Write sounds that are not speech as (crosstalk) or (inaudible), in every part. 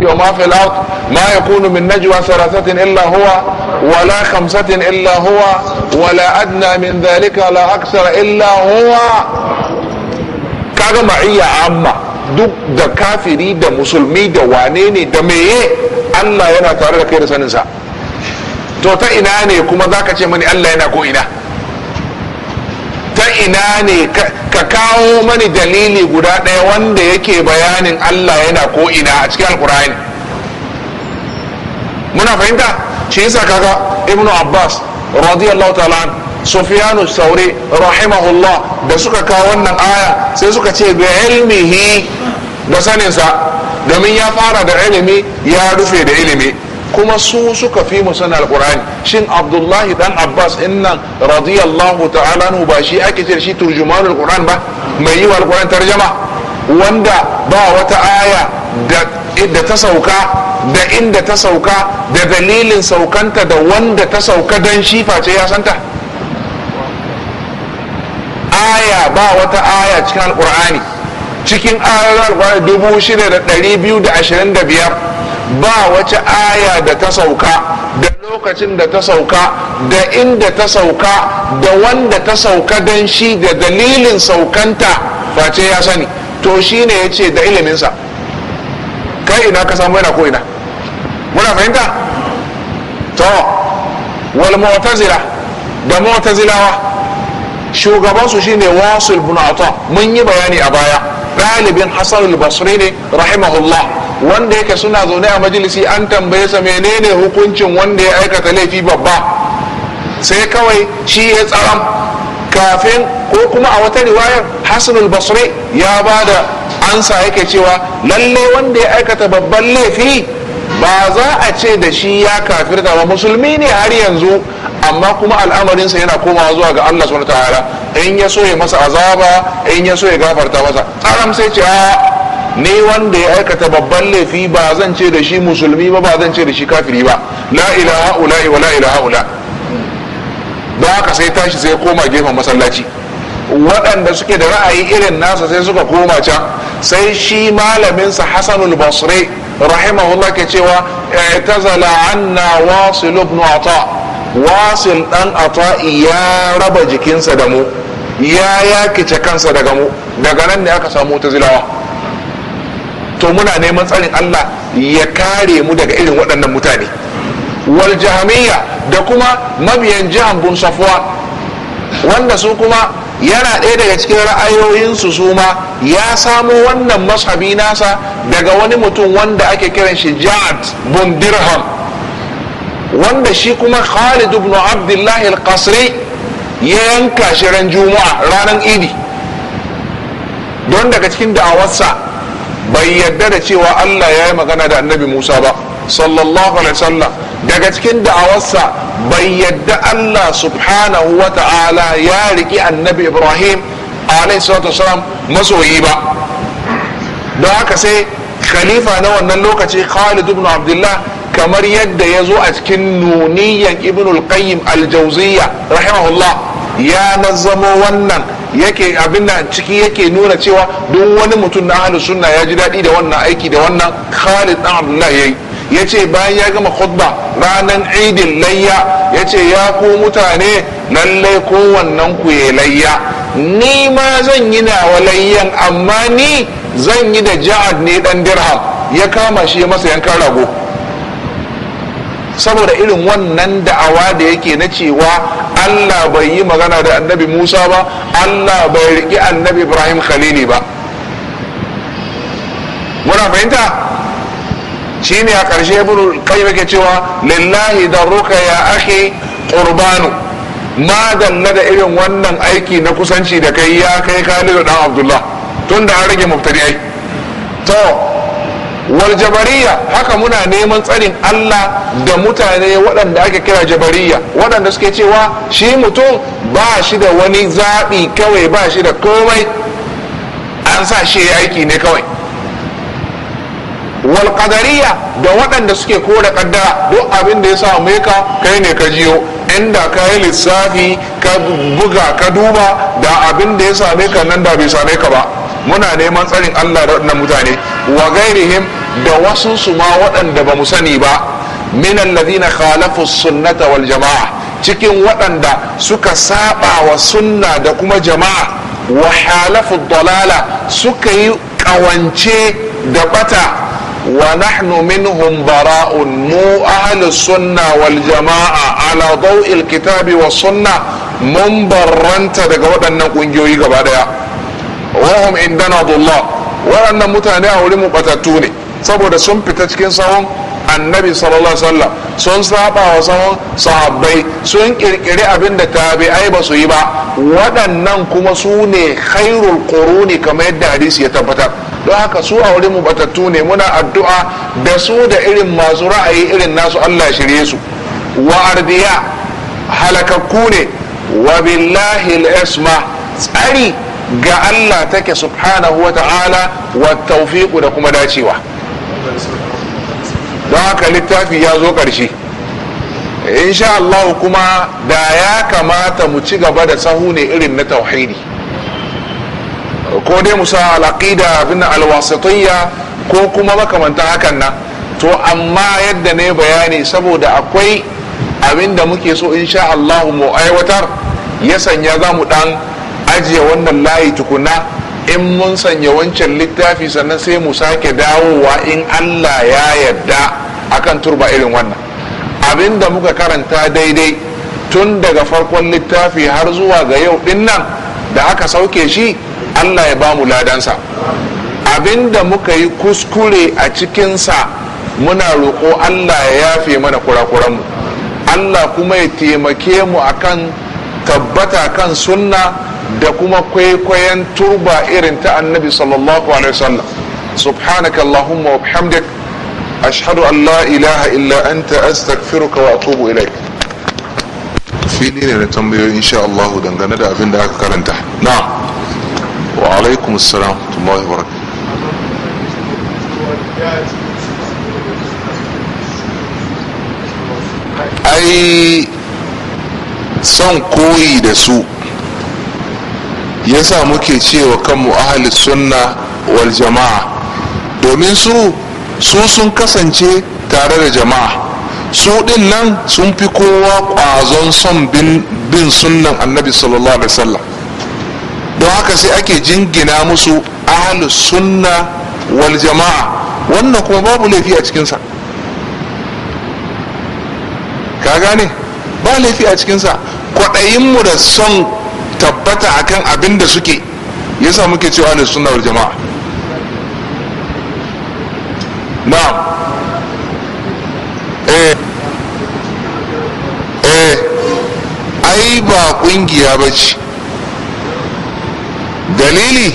وما في الارض ما يكون من نجوى ثلاثة الا هو ولا خمسة الا هو ولا ادنى من ذلك لا اكثر الا هو kaga ma'iyya amma duk da kafiri da musulmi da wane ne da meye Allah yana tare da kai da saninsa to ta ina ne kuma zaka ce mani Allah yana ko ina ina ne ka kawo mani dalili guda ɗaya wanda yake bayanin Allah yana ko ina a cikin alkur'ani muna fahimta shi yasa kaga ibnu abbas radiyallahu ta'ala sufyanu saure rahimahullah da suka kawo wannan aya sai suka ce bi ilmihi da saninsa domin ya fara da ilimi ya rufe da ilimi kuma su suka fi mu sanar alqur'ani shin abdullahi dan abbas innan radiyallahu ta'ala nu ba shi ake ce shi turjumanul qur'an ba mai yi wa alqur'an tarjama wanda ba wata aya da ta sauka da inda ta sauka da dalilin saukanta da wanda ta sauka don shi face ya santa aya ba wata aya cikin alkur'ani cikin ayoyin alkur'ani dubu shida da ɗari biyu da ashirin da biyar ba wace aya da ta sauka da lokacin da ta sauka da inda ta sauka da wanda ta sauka don shi da dalilin saukanta face ya sani to shi ne ya ce da iliminsa kai ina ka samu yana ko'ina muna fahimta to wal mu'tazila da mu'tazilawa shugabansu shine wasu ibn mun yi bayani a baya ɗalibin hasan al-basri ne rahimahullah wanda yake suna zaune a majalisi an tambaye sa menene hukuncin wanda ya aikata laifi babba sai kawai shi ya tsaram kafin ko kuma a wata riwayar hasanul basri ya ba da ansa yake cewa lalle wanda ya aikata babban laifi ba za a ce da shi ya kafirta ba musulmi ne har yanzu amma kuma al'amarinsa yana komawa zuwa ga Allah Suna ta'ala in ya so ya masa azaba in ya so ya gafarta masa tsaram sai ce a ne wanda ya aikata babban laifi ba zan ce da shi musulmi ba ba zan ce da shi kafiri ba la ilaha ula wa la ilaha ula Ba haka sai tashi sai koma gefen masallaci waɗanda suke da ra'ayi irin nasa sai suka koma can sai shi malamin malaminsa hasanul basri rahimahullah ke cewa i'tazala anna wasil ibn ata wasil dan ata ya raba jikinsa da mu ya yakice kansa daga mu daga nan ne aka samu tazilawa to muna neman tsarin Allah ya kare mu daga irin waɗannan mutane wal jahamiyya da kuma mabiyan jihan bun safuwa wanda su kuma yana ɗaya daga cikin ra'ayoyinsu su ma ya samo wannan mashabi nasa daga wani mutum wanda ake kiran shi ja'ad bun dirham wanda shi kuma khalid ibn abdullahi al-qasri ya yanka shi ran juma'a ranar idi don daga cikin da'awarsa bai yadda da cewa Allah ya yi magana da annabi Musa ba sallallahu alaihi wasallam daga cikin da'awarsa bai yadda Allah subhanahu wa ta'ala ya riki annabi Ibrahim alaihi salatu wasallam masoyi ba don haka sai khalifa na wannan lokaci Khalid ibn Abdullah kamar yadda ya zo a cikin nuniyan ibn al-qayyim al-jawziyya rahimahullah ya nazamo wannan yake abin da ciki yake nuna cewa duk wani mutum na ahlus sunna ya ji daɗi da wannan aiki da wannan Khalid dan Abdullah yayi yace bayan ya gama khutba ranan idin layya yace ya ku mutane lallai ko wannan ku ya layya ni ma zan yi nawa layyan amma ni zan yi da ja'ad ne ɗan dirham ya kama shi ya masa yankan rago saboda irin wannan da'awa da yake na cewa Allah bai yi magana da annabi Musa ba Allah bai riƙi annabi Ibrahim Khalili ba muna fahimta shi ne a ƙarshe buru kai yake cewa lillahi darruka ya ake ƙurbanu ma da irin wannan aiki na kusanci da kai ya kai kalilu ɗan Abdullah da an rage ai. to wal jabariya haka muna neman tsarin Allah da mutane waɗanda ake kira jabariya waɗanda suke cewa shi mutum ba shi da wani zaɓi kawai ba shi da komai an sa shi aiki ne kawai wal da waɗanda suke kora ƙaddara duk abin da ya same ka kai ne ka jiyo inda ka yi lissafi ka buga ka duba da abin da ya same ka nan da bai same ka ba muna neman tsarin Allah da waɗannan mutane wa gairihim da wasu su ma waɗanda ba mu sani ba minan na khalafu sunnata wal jama'a cikin waɗanda suka saba wa sunna da kuma jama'a wa halafu dalala suka yi ƙawance da bata wa nahnu minhum bara'un mu ahli sunna wal jama'a ala daw'il kitabi wa sunna mun barranta daga waɗannan ƙungiyoyi gaba daya wahum indana dullah waɗannan mutane a wurin mu batattu ne saboda sun fita cikin sahun annabi sallallahu alaihi wasallam sun saba wa tsawon sahabbai sun kirkiri abin da tabi'ai ba su yi ba waɗannan kuma su ne khairul quruni kamar yadda hadisi ya tabbatar don haka su a wurin mu batattu ne muna addu'a da su da irin masu ra'ayi irin nasu Allah shirye su wa ardiya halakakku ne wa billahi al-isma tsari ga Allah take subhanahu wa ta'ala wa tawfiqu da kuma dacewa don haka littafi ya zo ƙarshe insha Allah kuma da ya kamata mu ci gaba da sahu ne irin na tauhidi ko dai mu sa alaqida bin alwasitiyya ko kuma makamanta hakan na to amma yadda ne bayani saboda akwai abin da muke so insha Allah mu aiwatar ya sanya za mu dan ajiye wannan layi tukuna in mun sanya wancan littafi sannan sai mu sake dawowa in allah ya yadda akan turba irin wannan Abin da muka karanta daidai tun daga farkon littafi har zuwa ga yau din nan da aka sauke shi allah ya bamu ladansa Abin da muka yi kuskure a cikinsa muna roƙo allah ya yafe mana kurakuranmu allah kuma ya taimake mu akan tabbata kan sunna da kuma kwaikwayon turba irin ta annabi sallallahu alaihi wasallam subhanaka allahumma wa bihamdik ashhadu an la ilaha illa anta astaghfiruka wa atubu ilaik fili ne na tambayoyi insha Allah dangane da abin da aka karanta na'am wa alaikum assalam wa barakatuh ai son koyi da su yasa muke cewa kanmu ahli sunna wal jama'a domin su su sun kasance tare da jama'a su din nan sun fi kowa kwazon son bin sunnan annabi sallallahu alaihi wasallam don haka sai ake jingina musu ahli sunna wal jama'a wannan kuma babu laifi a cikinsa ka gane ba laifi a cikinsa kwaɗayinmu da son tabbata a kan abin da suke yasa muke cewa da suna jama'a na eh. eh ai ba ƙungiya ba ce dalili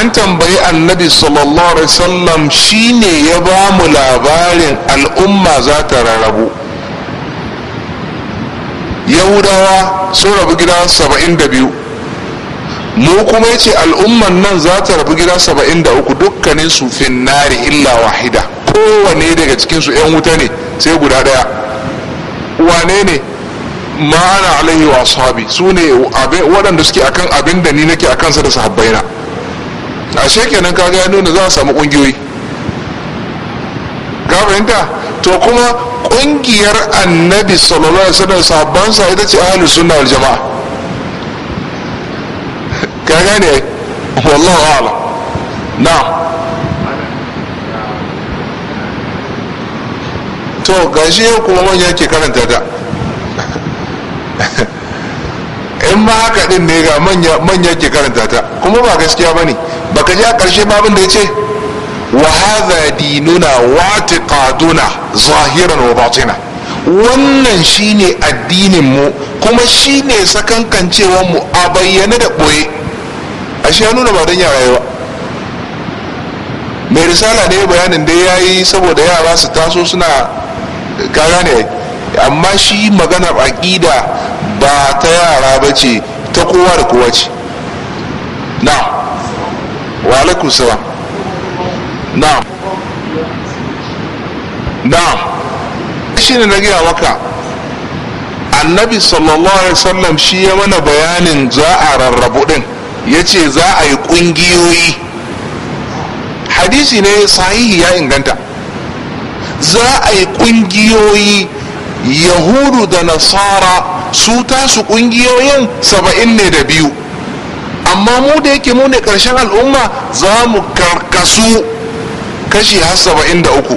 an tambayi annabi sallallahu alaihi wasallam shine ya ba mu labarin al'umma za ta rarrabu yahudawa sun rabu gida saba'in da biyu mu kuma ya ce al'umman nan za ta rabu gida saba'in da uku dukkanin su finnari illa wahida kowane daga cikinsu yan wuta ne sai guda daya wane ne ma'ana alaihi wa sahabi su ne waɗanda suke akan abin da ni nake akan sa da na. ashe kenan kaga ya nuna za a samu ƙungiyoyi ga fahimta to kuma kungiyar annabi sallallahu alaihi wasallam sahabbansa ita ce ahlus sunna wal jama'a (laughs) ka gane wallahi a'lam na'am to gashi yau kuma manya ke karanta ta (laughs) in ma haka din ne ga manya ke karanta ta kuma ba gaskiya bane baka ji a karshe babin da ya ce wa hadha dinuna wa taqaduna zahiran wa batina wannan shine addinin mu kuma shine sakankancewar mu a bayyane da boye ashe ya nuna ba don yara ba mai risala ne bayanin da ya yi saboda yara su taso suna kara ne amma shi maganar aƙida ba ta yara ba ta kowa da kowa ce na wa alaikusawa na, na shi ne na gaya maka annabi sallallahu alaihi wasallam shi ya mana bayanin za a rarrabu din ya ce za a yi ƙungiyoyi hadisi ne sahihi ya inganta za a yi ƙungiyoyi yahudu da nasara su tasu ƙungiyoyin saba'in ne da biyu amma mu da yake mu ne ƙarshen al'umma za mu karkasu kashi har saba'in da uku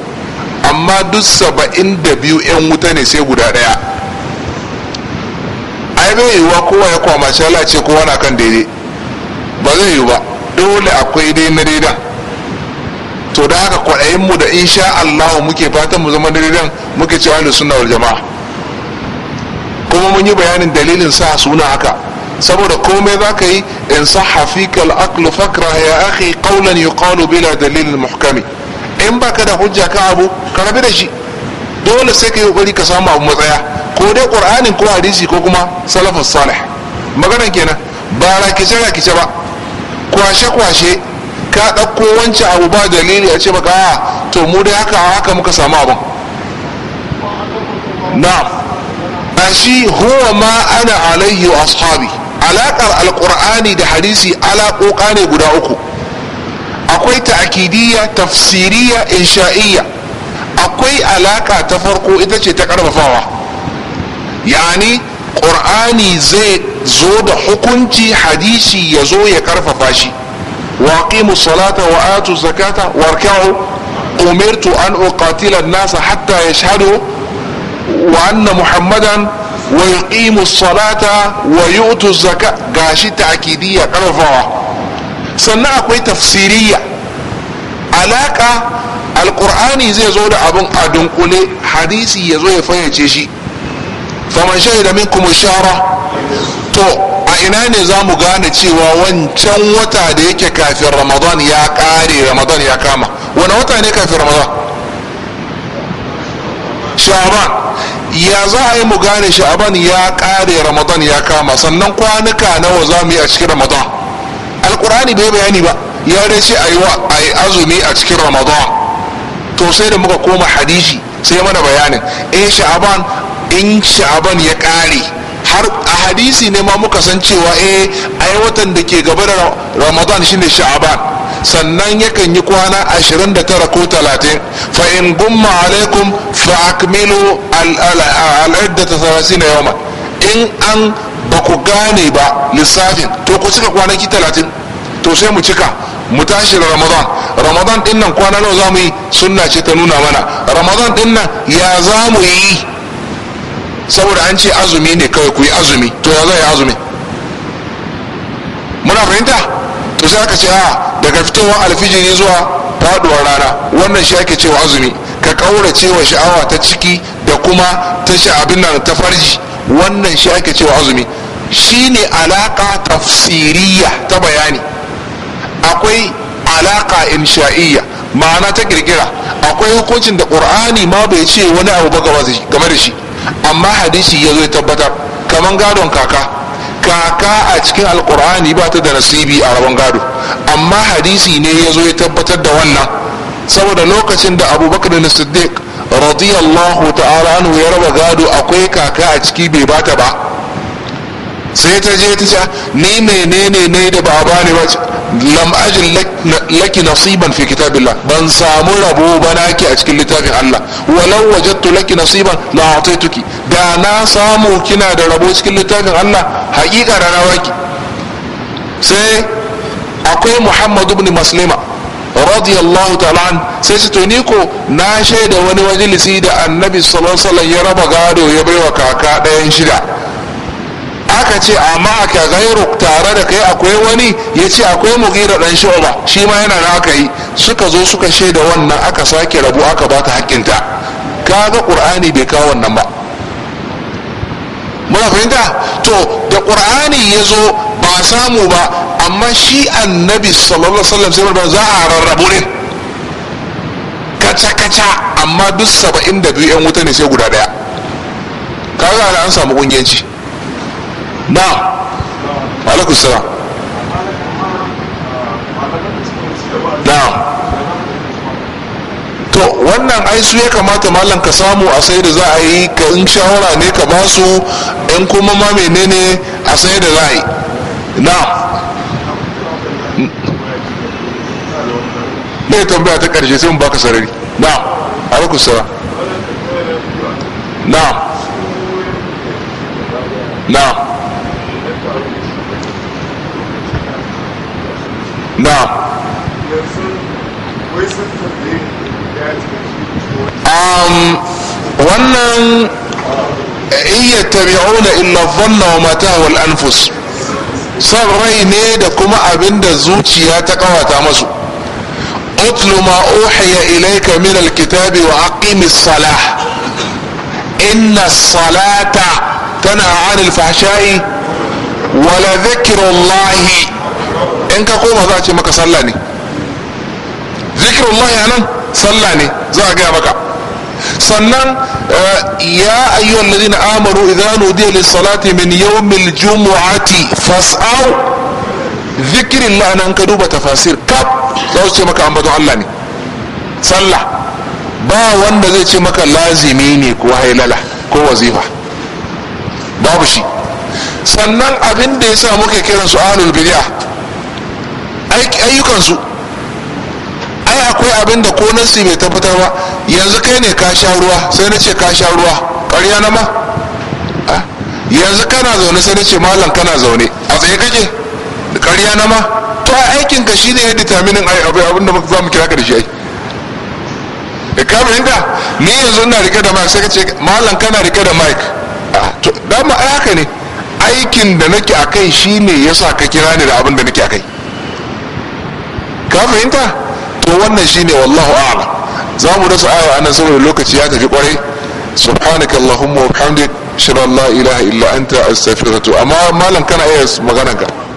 amma duk saba'in da biyu 'yan wuta ne sai guda ɗaya yi bai yiwuwa kowa ya kwamace lalace kowa na kan daidai ba zai yiwu ba dole akwai dai na daidan to da haka kwaɗayin mu da sha Allah muke fatan mu zama daidan muke cewa da suna wal jama'a kuma mun yi bayanin dalilin sa suna haka saboda komai za ka yi in sa hafi al-aql fakrah ya akhi kaulan yuqalu bila dalilin muhkami in baka da hujja ka abu ka da shi dole sai ka yi kokari ka samu abu matsaya ko dai qur'anin ko hadisi ko kuma salafus salih magana kenan ba rakice rakice ba kwashe kwashe ka ɗauko wancan abu ba dalili a ce maka a to mu dai haka haka muka samu abin Na. ba shi huwa ma ana alayhi wa ashabi alaƙar alƙur'ani da hadisi alaƙoƙa ne guda uku akwai ta'akidiyya tafsiriya insha'iyya akwai alaka ta farko ita ce ta karfafawa yani ƙur'ani zai zo da hukunci hadisi ya zo ya karfafa shi waqimu salata wa atu zakata warka'u umirtu an uqatila an-nasa hatta yashhadu wa anna muhammadan wa yuqimu salata wa yu'tu zakata gashi ta'kidiyya karfafawa sannan akwai tafsiriya alaka alkur'ani zai zo da abin a dunkule hadisi ya zo ya fayyace shi faman da minkum Shara? to a ina ne za mu gane cewa wancan wata da yake kafin ramadan ya kare ramadan ya kama wani wata ne kafin ramadan Sha'aban ya za a yi mu gane Sha'aban ya kare ramadan ya kama sannan kwanuka nawa za mu yi a cikin ramadan alkur'ani bai bayani ba ya dai ce ayi wa ayi azumi a cikin ramadan to sai da muka koma hadisi sai mana bayanin in eh, sha'aban in sha'aban ya kare har a hadisi ne ma muka san cewa eh ayi watan da ke gaba da ramadan shine sha'aban sannan yakan yi kwana 29 ko 30 fa in gumma alaikum fa akmilu al'iddata 30 yawma in an ba ku gane ba lissafin to ku cika kwanaki 30 to sai mu cika mu tashi da ramadan ramadan din nan kwana nawa zamu yi sunna ce ta nuna mana ramadan din nan ya zamu yi saboda an ce azumi ne kawai ku yi azumi to ya zai azumi muna fahimta to sai aka ce a daga fitowar alfijiri zuwa faduwar rana wannan shi ake cewa azumi ka kaura cewa sha'awa ta ciki da kuma ta sha abin nan ta farji wannan shi ake cewa azumi shine alaka tafsiriya ta bayani akwai alaka insha'iyya ma'ana ta kirkira akwai hukuncin da qur'ani ma bai ce wani abu ba game da shi amma hadisi ya zo ya tabbatar kaman gadon kaka kaka a cikin alkur'ani ba ta da nasibi a rabon gado amma hadisi ne ya zo ya tabbatar da wannan saboda lokacin da abubakar da siddiq radiyallahu ta'ala anhu ya raba gado akwai kaka a ciki bai bata ba sai ta je ta ce ni menene ne da ba bani ba lam ajin laki nasiban fi kitabillah ban samu rabo ba naki a cikin littafin Allah walau wajadtu laki nasiban la ataituki da na samu kina da rabo cikin littafin Allah haƙiƙa rana ki sai akwai Muhammad ibn Maslima radiyallahu ta'ala an sai su to ni ko na shaida wani majalisi da annabi sallallahu alaihi wasallam ya raba gado ya baiwa kaka ɗayan shida aka ce amma ka gairu tare da kai akwai wani ya ce akwai mugira ɗan shu'ba shi ma yana na aka yi suka zo suka shaida wannan aka sake rabu aka bata haƙƙinta kaga ƙur'ani bai kawo wannan ba muna fahimta to da ƙur'ani ya zo ba samu ba amma shi annabi sallallahu alaihi wasallam sai za rarrabu ne kaca kaca amma duk saba'in yan wuta ne sai guda daya kaga an samu kungiyanci na na to wannan ai ya kamata malam ka samu a sai da za a yi ka in shawara ne ka ba su in kuma ma menene a sai da za a yi na ne tambaya ta karshe sai mu baka sarari na alaikun sara na na نعم أم ولن يتبعون إلا الظن وما تهوى الأنفس صرين دكما أبن دزوتي يتقوى تامسو أطل ما أوحي إليك من الكتاب وأقيم الصلاة إن الصلاة تنهى عن الفحشاء ولذكر الله in ka koma za a ce maka sallah ne zikirullahi nan sallah ne za a gaya maka sannan eh, ya ayyuhan ladina amanu idanu nudiya salati min yawmil jumu'ati fas'au zikrillah anan ka duba tafasir kaf za su ce maka ambaton Allah ne sallah ba wanda zai ce maka lazimi ne ko hailala ko wazifa babu shi sannan abin da ya sa muke kiran su ahlul ayyukansu ai akwai abin da ko nasi bai tabbatar ba yanzu kai ne ka sha ruwa sai na ce ka sha ruwa ƙarya na ma yanzu kana zaune sai na ce malam kana zaune a tsaye kake ƙarya na ma to a aikin ka ne ya determinin abin da za mu kira ka da shi ai da eh, ka fahimta ni yanzu ina rike da mike sai ka ce malam kana rike da mike to dama ai haka ne aikin da nake akai shine yasa ka kira ni da abin da nake akai ka fahimta to wannan shine wallahu a'lam za mu rasa aya anan saboda lokaci ya tafi kwarai subhanaka allahumma wa bihamdik la ilaha illa anta astaghfiruka amma malam kana iya maganar ka